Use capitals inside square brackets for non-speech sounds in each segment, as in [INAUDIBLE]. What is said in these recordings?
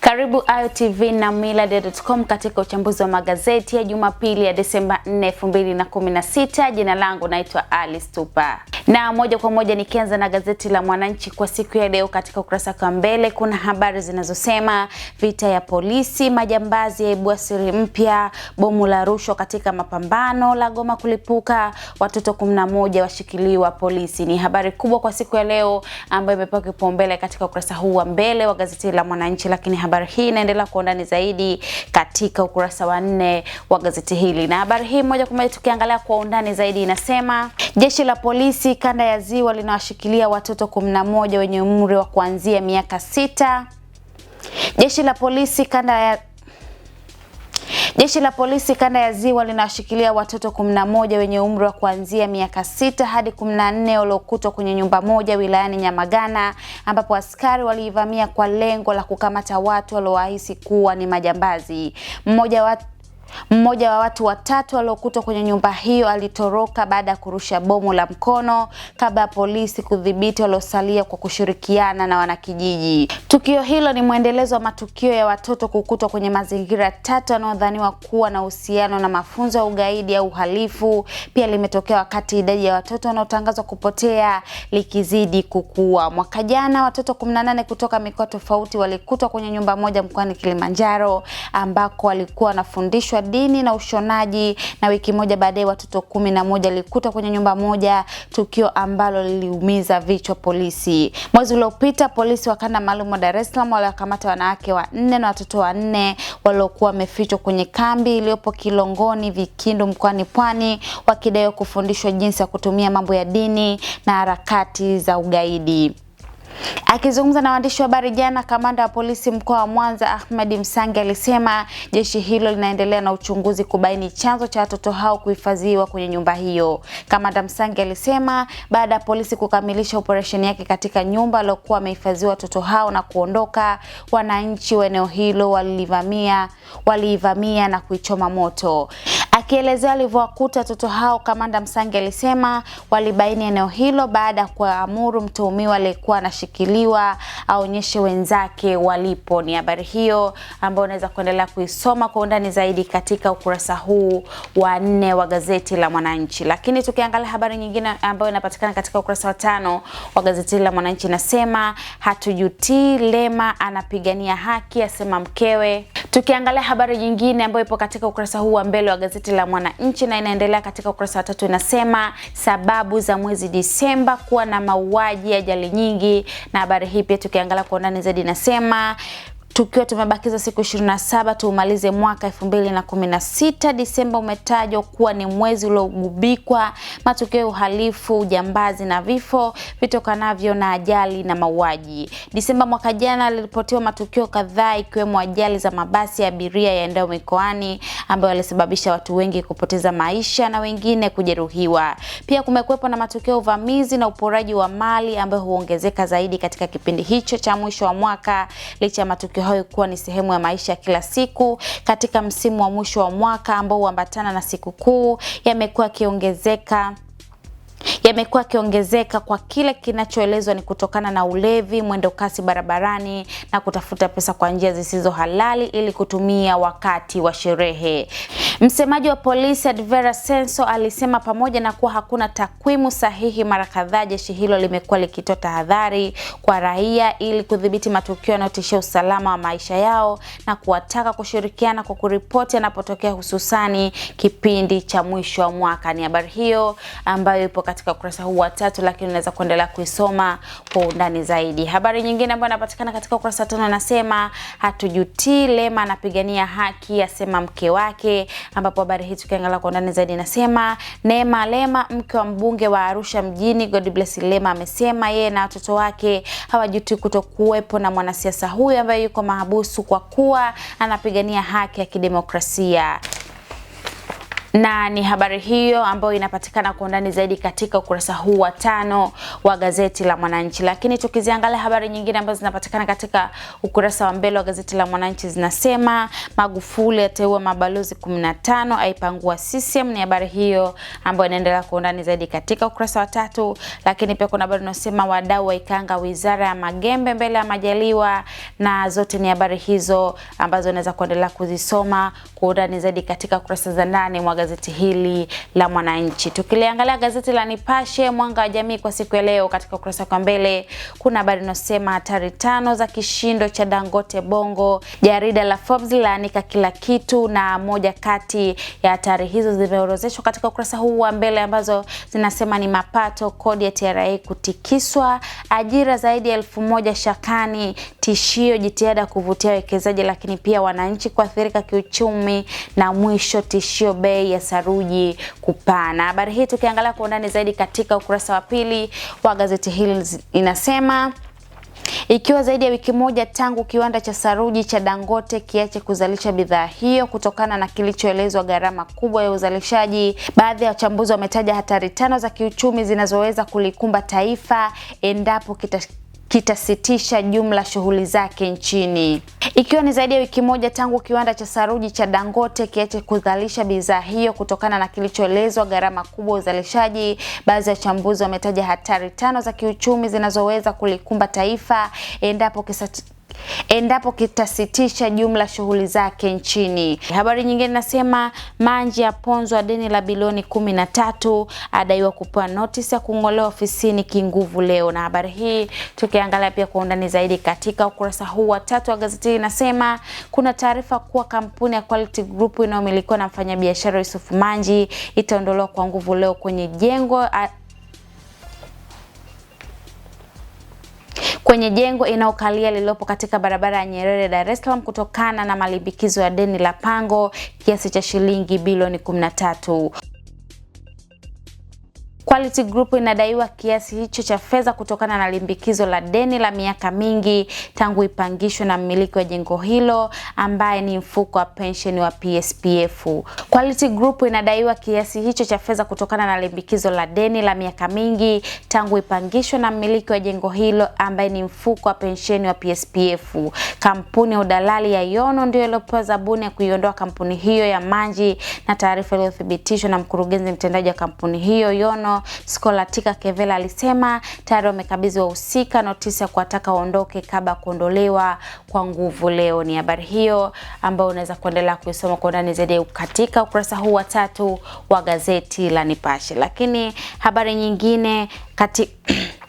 Karibu Ayo na millardayo.com katika uchambuzi wa magazeti ya Jumapili ya Desemba 4, 2016. Jina langu naitwa Alice Tupa na moja kwa moja nikianza na gazeti la Mwananchi kwa siku ya leo, katika ukurasa wa mbele kuna habari zinazosema vita ya polisi, majambazi yaibua siri mpya, bomu la rushwa katika mapambano la goma kulipuka, watoto 11 washikiliwa polisi. Ni habari kubwa kwa siku ya leo ambayo imepewa kipaumbele katika ukurasa huu wa mbele wa gazeti la Mwananchi, lakini Habari hii inaendelea kwa undani zaidi katika ukurasa wa nne wa gazeti hili, na habari hii moja kwa moja tukiangalia kwa undani zaidi inasema jeshi la polisi kanda ya Ziwa linawashikilia watoto 11 wenye umri wa kuanzia miaka sita. Jeshi la polisi kanda ya Jeshi la polisi kanda ya Ziwa linawashikilia watoto 11 wenye umri wa kuanzia miaka sita hadi 14 waliokutwa kwenye nyumba moja wilayani Nyamagana ambapo askari waliivamia kwa lengo la kukamata watu waliowahisi kuwa ni majambazi. Mmoja wa mmoja wa watu watatu waliokutwa kwenye nyumba hiyo alitoroka baada ya kurusha bomu la mkono kabla ya polisi kudhibiti waliosalia kwa kushirikiana na wanakijiji. Tukio hilo ni mwendelezo wa matukio ya watoto kukutwa kwenye mazingira tatu yanayodhaniwa kuwa na uhusiano na mafunzo ya ugaidi au uhalifu. Pia limetokea wakati idadi ya watoto wanaotangazwa kupotea likizidi kukua. Mwaka jana watoto 18 kutoka mikoa tofauti walikutwa kwenye nyumba moja mkoani Kilimanjaro ambako walikuwa wanafundishwa cha dini na ushonaji, na wiki moja baadaye watoto kumi na moja walikuta kwenye nyumba moja, tukio ambalo liliumiza vichwa polisi. Mwezi uliopita polisi wa kanda maalum wa Dar es Salaam waliwakamata wanawake wanne na watoto wanne waliokuwa wamefichwa kwenye kambi iliyopo Kilongoni Vikindu mkoani Pwani, wakidaiwa kufundishwa jinsi ya kutumia mambo ya dini na harakati za ugaidi. Akizungumza na waandishi wa habari jana, kamanda wa polisi mkoa wa Mwanza Ahmed Msangi alisema jeshi hilo linaendelea na uchunguzi kubaini chanzo cha watoto hao kuhifadhiwa kwenye nyumba hiyo. Kamanda Msangi alisema baada ya polisi kukamilisha operesheni yake katika nyumba waliokuwa wamehifadhiwa watoto hao na kuondoka, wananchi wa eneo hilo walivamia waliivamia na kuichoma moto. Akielezea alivyowakuta watoto hao, kamanda Msangi alisema walibaini eneo hilo baada ya kuamuru mtuhumiwa aliyekuwa anashikiliwa aonyeshe wenzake walipo. Ni habari hiyo ambayo unaweza kuendelea kuisoma kwa undani zaidi katika ukurasa huu wa nne wa gazeti la Mwananchi. Lakini tukiangalia habari nyingine ambayo inapatikana katika ukurasa wa tano wa gazeti la Mwananchi inasema hatujutii, Lema anapigania haki, asema mkewe. Tukiangalia habari nyingine ambayo ipo katika ukurasa huu wa mbele wa gazeti gazeti la Mwananchi na inaendelea katika ukurasa wa tatu, inasema sababu za mwezi Disemba kuwa na mauaji, ajali nyingi. Na habari hii pia tukiangalia kwa undani zaidi inasema tukiwa tumebakiza siku 27 tuumalize mwaka 2016. Disemba umetajwa kuwa ni mwezi uliogubikwa matukio ya uhalifu, ujambazi na vifo vitokanavyo na ajali na mauaji. Disemba mwaka jana liliripotiwa matukio kadhaa ikiwemo ajali za mabasi ya abiria yaendayo mikoani ambayo yalisababisha watu wengi kupoteza maisha na wengine kujeruhiwa. Pia kumekuwepo na matukio ya uvamizi na uporaji wa mali ambayo huongezeka zaidi katika kipindi hicho cha mwisho wa mwaka licha ya matukio hayo kuwa ni sehemu ya maisha ya kila siku katika msimu wa mwisho wa mwaka ambao huambatana na sikukuu yamekuwa yakiongezeka yamekuwa yakiongezeka kwa kile kinachoelezwa ni kutokana na ulevi, mwendo kasi barabarani na kutafuta pesa kwa njia zisizo halali ili kutumia wakati wa sherehe. Msemaji wa polisi Advera Senso alisema pamoja na kuwa hakuna takwimu sahihi, mara kadhaa jeshi hilo limekuwa likitoa tahadhari kwa raia ili kudhibiti matukio yanayotishia usalama wa maisha yao na kuwataka kushirikiana kwa kuripoti yanapotokea, hususani kipindi cha mwisho wa mwaka. Ni habari hiyo ambayo ipo katika ukurasa huu wa tatu, lakini unaweza kuendelea kuisoma kwa undani zaidi. Habari nyingine ambayo inapatikana katika ukurasa tano nasema hatujutii, Lema anapigania haki, asema mke wake, ambapo habari hii tukiangalia kwa undani zaidi nasema Neema Lema, mke wa mbunge wa Arusha mjini bless Lema, amesema yeye na watoto wake hawajutii kutokuwepo na mwanasiasa huyu ambaye yuko mahabusu kwa kuwa anapigania haki ya kidemokrasia na ni habari hiyo ambayo inapatikana kwa undani zaidi katika ukurasa huu wa tano wa gazeti la Mwananchi. Lakini tukiziangalia habari nyingine ambazo zinapatikana katika ukurasa wa mbele wa gazeti la Mwananchi zinasema Magufuli ateua mabalozi 15 aipangua CCM. Ni habari hiyo ambayo inaendelea kwa undani zaidi katika ukurasa wa tatu. Lakini pia kuna habari inasema wadau waikanga wizara ya Magembe mbele ya Majaliwa, na zote ni habari hizo ambazo unaweza kuendelea kuzisoma kwa undani zaidi katika kurasa za ndani gazeti hili la Mwananchi. Tukiliangalia gazeti la Nipashe Mwanga wa Jamii kwa siku ya leo, katika ukurasa wa mbele kuna habari inayosema hatari tano za kishindo cha Dangote Bongo. Jarida la Forbes laanika kila kitu, na moja kati ya hatari hizo zimeorozeshwa katika ukurasa huu wa mbele ambazo zinasema ni mapato, kodi ya TRA kutikiswa, ajira zaidi ya elfu moja shakani, tishio jitihada kuvutia wawekezaji, lakini pia wananchi kuathirika kiuchumi, na mwisho tishio bei ya saruji kupana. Habari hii tukiangalia kwa undani zaidi katika ukurasa wa pili wa gazeti hili inasema ikiwa zaidi ya wiki moja tangu kiwanda cha saruji cha Dangote kiache kuzalisha bidhaa hiyo kutokana na kilichoelezwa gharama kubwa ya uzalishaji, baadhi ya wachambuzi wametaja hatari tano za kiuchumi zinazoweza kulikumba taifa endapo kita kitasitisha jumla shughuli zake nchini. Ikiwa ni zaidi ya wiki moja tangu kiwanda cha saruji cha Dangote kiache kuzalisha bidhaa hiyo kutokana na kilichoelezwa gharama kubwa uzalishaji, baadhi ya wachambuzi wametaja hatari tano za kiuchumi zinazoweza kulikumba taifa endapo endapo kitasitisha jumla shughuli zake nchini. Habari nyingine nasema Manji aponzwa deni la bilioni kumi na tatu, adaiwa kupewa notisi ya kung'olewa ofisini kinguvu leo. Na habari hii tukiangalia pia kwa undani zaidi katika ukurasa huu wa tatu wa gazeti inasema kuna taarifa kuwa kampuni ya Quality Group inayomilikiwa na mfanyabiashara Yusuf Manji itaondolewa kwa nguvu leo kwenye jengo kwenye jengo inayokalia lililopo katika barabara ya Nyerere Dar es Salaam kutokana na malimbikizo ya deni la pango kiasi cha shilingi bilioni 13. Quality Group inadaiwa kiasi hicho cha fedha kutokana na limbikizo la deni la miaka mingi tangu ipangishwe na mmiliki wa jengo hilo ambaye ni mfuko wa pensheni wa PSPF. Quality Group inadaiwa kiasi hicho cha fedha kutokana na limbikizo la deni la miaka mingi tangu ipangishwe na mmiliki wa jengo hilo ambaye ni mfuko wa pensheni wa PSPF. Kampuni ya udalali ya Yono ndio iliyopewa zabuni ya kuiondoa kampuni hiyo ya Manji, na taarifa iliyothibitishwa na mkurugenzi mtendaji wa kampuni hiyo Yono Skolatika Kevela alisema tayari wamekabidhi wahusika notisi ya kuwataka waondoke kabla kuondolewa kwa nguvu leo. Ni habari hiyo ambayo unaweza kuendelea kuisoma kwa undani zaidi katika ukurasa huu wa tatu wa gazeti la Nipashe. Lakini habari nyingine kati [CLEARS THROAT]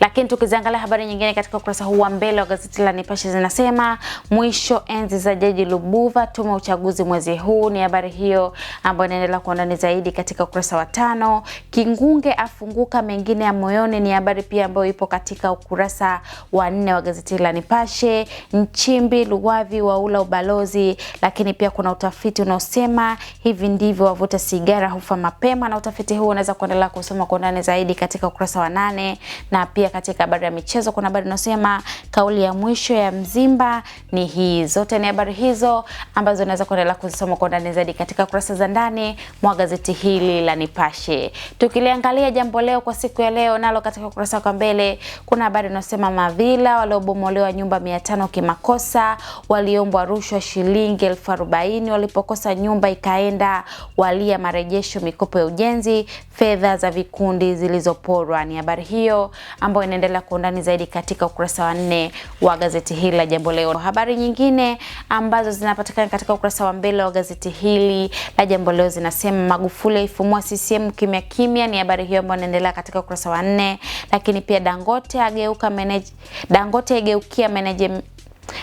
Lakini tukiziangalia habari nyingine katika ukurasa huu wa mbele wa gazeti la Nipashe zinasema mwisho enzi za Jaji Lubuva, tume uchaguzi mwezi huu. Ni habari hiyo ambayo inaendelea kwa undani zaidi katika ukurasa wa tano. Kingunge afunguka mengine ya moyoni, ni habari pia ambayo ipo katika ukurasa wa nne wa gazeti la Nipashe. Nchimbi Luwavi waula ubalozi, lakini pia kuna utafiti unaosema hivi ndivyo wavuta sigara hufa mapema, na utafiti huu unaweza kuendelea kusoma kwa undani zaidi katika ukurasa wa nane na pia katika habari ya michezo kuna habari inasema kauli ya mwisho ya Mzimba ni hii. Zote ni habari hizo ambazo unaweza kuendelea kuzisoma kwa undani zaidi katika kurasa za ndani mwa gazeti hili la Nipashe. Tukiliangalia Jambo Leo kwa siku ya leo, nalo katika ukurasa wa mbele kuna habari inasema mavila waliobomolewa nyumba 500 kimakosa, waliombwa rushwa shilingi elfu arobaini walipokosa nyumba ikaenda, walia marejesho mikopo ya ujenzi, fedha za vikundi zilizoporwa. Ni habari hiyo ambayo ambayo inaendelea kwa undani zaidi katika ukurasa wa nne wa gazeti hili la Jambo Leo. Habari nyingine ambazo zinapatikana katika ukurasa wa mbele wa gazeti hili la Jambo Leo zinasema Magufuli aifumua CCM kimya kimya, ni habari hiyo ambayo inaendelea katika ukurasa wa nne. Lakini pia Dangote ageuka manage, Dangote ageukia manage,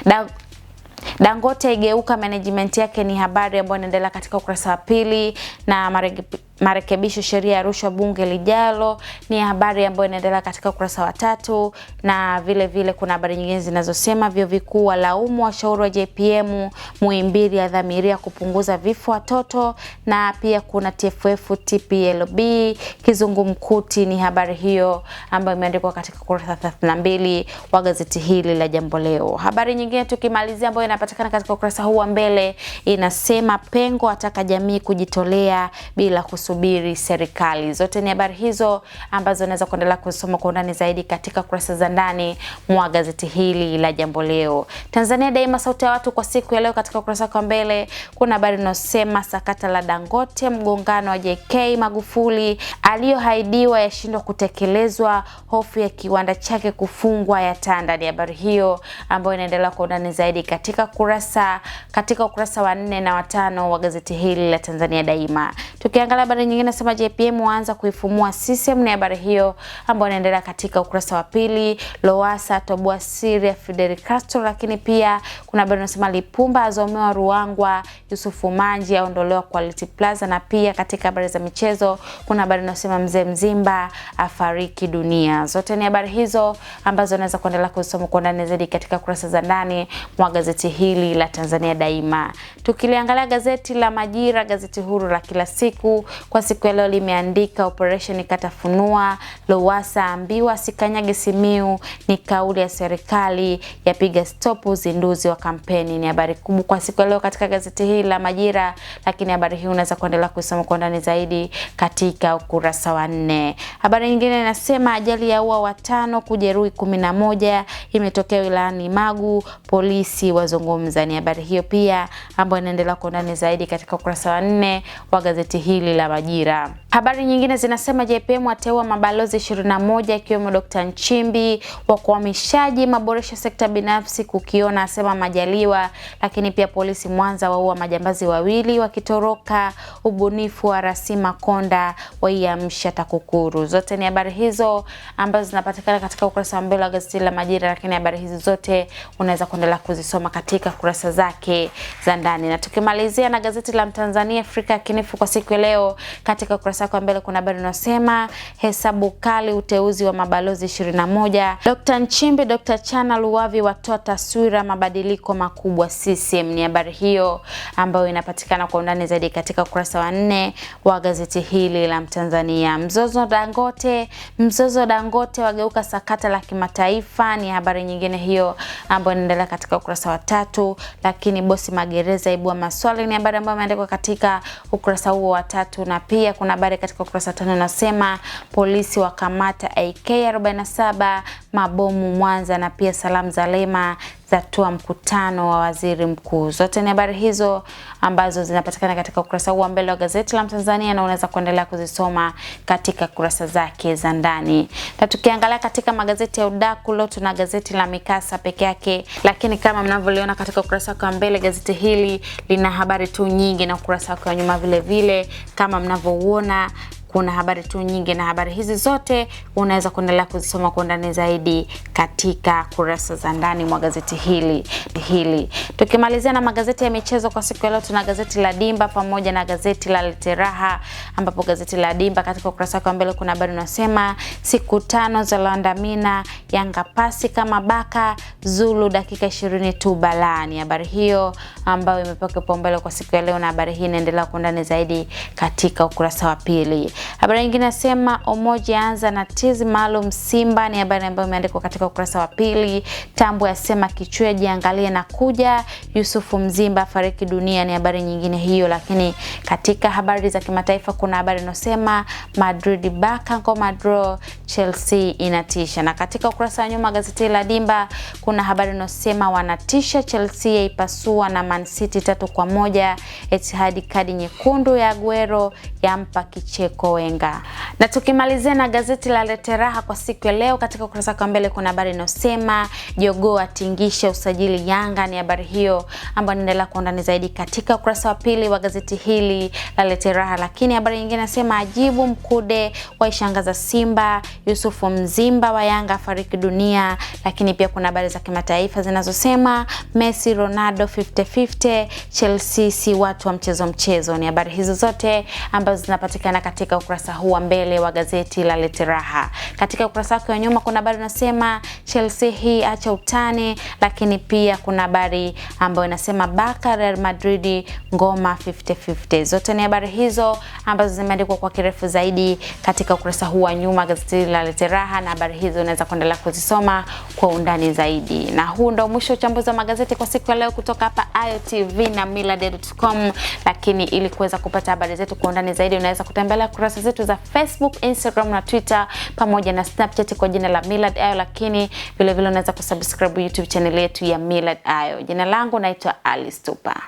da, Dangote igeuka management yake ni habari ambayo inaendelea katika ukurasa wa pili na maregi, marekebisho sheria ya rushwa bunge lijalo, ni habari ambayo inaendelea katika ukurasa wa tatu, na vile vile kuna habari nyingine zinazosema vyuo vikuu walaumu washauri wa JPM, Muhimbili adhamiria kupunguza vifo watoto, na pia kuna TFF TPLB kizungumkuti. Ni habari hiyo ambayo imeandikwa katika ukurasa 32 wa gazeti hili la Jambo Leo. Habari nyingine tukimalizia, ambayo inapatikana katika ukurasa huu wa mbele inasema Pengo ataka jamii kujitolea bila kusu kusubiri serikali. Zote ni habari hizo ambazo unaweza kuendelea kusoma kwa undani zaidi katika kurasa za ndani mwa gazeti hili la Jambo Leo. Tanzania Daima, sauti ya watu, kwa siku ya leo katika ukurasa kwa mbele kuna habari inayosema sakata la Dangote, mgongano wa JK Magufuli, aliyohaidiwa yashindwa kutekelezwa, hofu ya kiwanda chake kufungwa ya tanda. Ni habari hiyo ambayo inaendelea kwa undani zaidi katika kurasa katika ukurasa wa nne na watano wa gazeti hili la Tanzania Daima tukiangalia Habari nyingine nasema JPM waanza kuifumua CCM, ni habari hiyo ambayo inaendelea katika ukurasa wa pili. Lowassa toboa siri ya Fidel Castro, lakini pia kuna habari nasema Lipumba azomewa Ruangwa, Yusufu Manji aondolewa Quality Plaza, na pia katika habari za michezo kuna habari nasema mzee Mzimba afariki dunia. Zote ni habari hizo ambazo naweza kuendelea kusoma kwa ndani zaidi katika kurasa za ndani mwa gazeti hili la Tanzania Daima. Tukiliangalia gazeti la Majira, gazeti huru la kila siku, kwa siku ya leo limeandika operesheni katafunua, Lowassa ambiwa sikanyage Simiu, ni kauli ya serikali yapiga stop uzinduzi wa kampeni. Ni habari kubwa kwa siku ya leo katika gazeti hili la Majira, lakini habari hii unaweza kuendelea kusoma kwa ndani zaidi katika ukurasa wa nne. Habari nyingine inasema ajali ya ua watano kujeruhi kumi na moja imetokea wilayani Magu, polisi wazungumza. Ni habari hiyo pia ambayo inaendelea kwa ndani zaidi katika ukurasa wa nne wa gazeti hili la ajira. Habari nyingine zinasema JPM ateua mabalozi 21 ikiwemo Dkt. Nchimbi wa kuhamishaji, maboresha sekta binafsi kukiona, asema Majaliwa. Lakini pia polisi Mwanza waua majambazi wawili wakitoroka, ubunifu wa Rasima Konda waiamsha TAKUKURU. Zote ni habari hizo ambazo zinapatikana katika ukurasa wa mbele wa gazeti la Majira, lakini habari hizi zote unaweza kuendelea kuzisoma katika kurasa zake za ndani, na tukimalizia na gazeti la Mtanzania Afrika Kinifu kwa siku ya leo katika ukurasa wako mbele kuna habari unasema hesabu kali, uteuzi wa mabalozi 21. Dr. Nchimbi, Dr. Chana Luwavi watoa taswira mabadiliko makubwa CCM. Ni habari hiyo ambayo inapatikana kwa undani zaidi katika ukurasa wa nne wa gazeti hili la Mtanzania. Mzozo Dangote, mzozo Dangote wageuka sakata la kimataifa, ni habari nyingine hiyo ambayo inaendelea katika ukurasa wa tatu. Lakini bosi magereza ibua maswali, ni habari ambayo imeandikwa katika ukurasa huo wa tatu na na pia kuna habari katika ukurasa wa tano inasema polisi wakamata AK 47 mabomu Mwanza, na pia salamu za Lema zatua mkutano wa waziri mkuu. Zote ni habari hizo ambazo zinapatikana katika ukurasa huu wa mbele wa gazeti la Mtanzania, na unaweza kuendelea kuzisoma katika kurasa zake za ndani. Na tukiangalia katika magazeti ya udaku, leo tuna gazeti la Mikasa peke yake, lakini kama mnavyoliona katika ukurasa wake wa mbele, gazeti hili lina habari tu nyingi, na ukurasa wake wa nyuma vile vile kama mnavyouona kuna habari tu nyingi, na habari hizi zote unaweza kuendelea kuzisoma kwa undani zaidi katika kurasa za ndani mwa gazeti hili hili. Tukimalizia na magazeti ya michezo kwa siku ya leo, tuna gazeti la Dimba pamoja na gazeti la Literaha, ambapo gazeti la Dimba katika ukurasa wa mbele kuna habari unasema siku tano za Landamina, Yanga pasi kama baka Zulu dakika 20 tu balani. Habari hiyo ambayo imepewa kipaumbele kwa siku ya leo, na habari hii inaendelea kwa undani zaidi katika ukurasa wa pili. Habari nyingine nasema Omoji anza na tizi maalum Simba, ni habari ambayo imeandikwa katika ukurasa wa pili. Tambo yasema kichwa jiangalie na kuja. Yusufu Mzimba fariki dunia, ni habari nyingine hiyo. Lakini katika habari za kimataifa kuna habari inosema Madrid baka ngoma draw, Chelsea inatisha. Na katika ukurasa wa nyuma gazeti la Dimba kuna habari inosema wanatisha, Chelsea yaipasua na Man City tatu kwa moja. Etihad kadi nyekundu ya Aguero yampa kicheko Michael Wenga. Na tukimalizia na gazeti la leteraha kwa siku ya leo, katika ukurasa wa mbele kuna habari inayosema Jogoo atingisha usajili Yanga. Ni habari hiyo ambayo inaendelea kwa undani zaidi katika ukurasa wa pili wa gazeti hili la Leteraha. lakini habari nyingine inasema ajibu Mkude waishangaza Simba, Yusufu Mzimba wa Yanga afariki dunia. Lakini pia kuna habari za kimataifa zinazosema Messi Ronaldo 50-50, Chelsea si watu wa mchezo mchezo. Ni habari hizo zote ambazo zinapatikana katika ukurasa huu wa mbele wa gazeti la Lete Katika ukurasa wake wa nyuma kuna habari unasema Chelsea hii acha utani, lakini pia kuna habari ambayo inasema Barca Real Madrid ngoma 50-50. Zote ni habari hizo ambazo zimeandikwa kwa kirefu zaidi katika ukurasa huu wa nyuma gazeti la Lete na habari hizo unaweza kuendelea kuzisoma kwa undani zaidi, na huu ndio mwisho wa uchambuzi wa magazeti kwa siku ya leo kutoka hapa Ayo na millardayo.com, lakini ili kuweza kupata habari zetu kwa undani zaidi unaweza kutembelea kurasa zetu za Facebook, Instagram na Twitter pamoja na Snapchat kwa jina la Millard Ayo, lakini vilevile unaweza kusubscribe YouTube channel yetu ya Millard Ayo. Jina langu naitwa Alice Tupa.